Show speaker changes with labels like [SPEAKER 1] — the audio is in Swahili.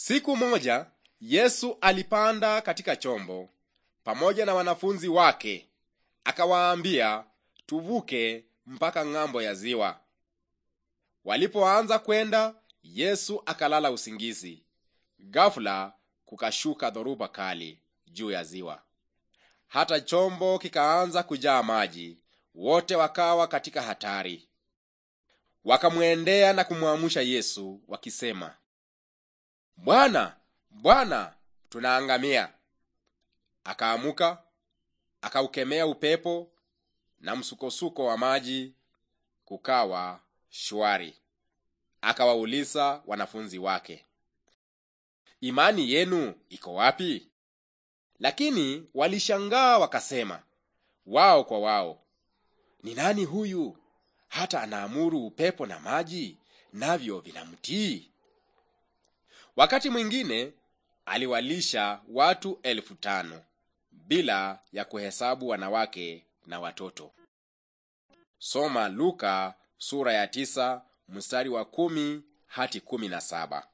[SPEAKER 1] Siku moja Yesu alipanda katika chombo pamoja na wanafunzi wake, akawaambia tuvuke mpaka ng'ambo ya ziwa. Walipoanza kwenda, Yesu akalala usingizi. Ghafla kukashuka dhoruba kali juu ya ziwa, hata chombo kikaanza kujaa maji. Wote wakawa katika hatari. Wakamwendea na kumwamsha Yesu wakisema, Bwana, Bwana, tunaangamia. Akaamuka akaukemea upepo na msukosuko wa maji, kukawa shwari. Akawauliza wanafunzi wake, imani yenu iko wapi? Lakini walishangaa wakasema wao kwa wao, ni nani huyu hata anaamuru upepo na maji, navyo vinamtii? Wakati mwingine aliwalisha watu elfu tano bila ya kuhesabu wanawake na watoto. Soma Luka sura ya tisa mstari wa kumi hadi kumi na saba.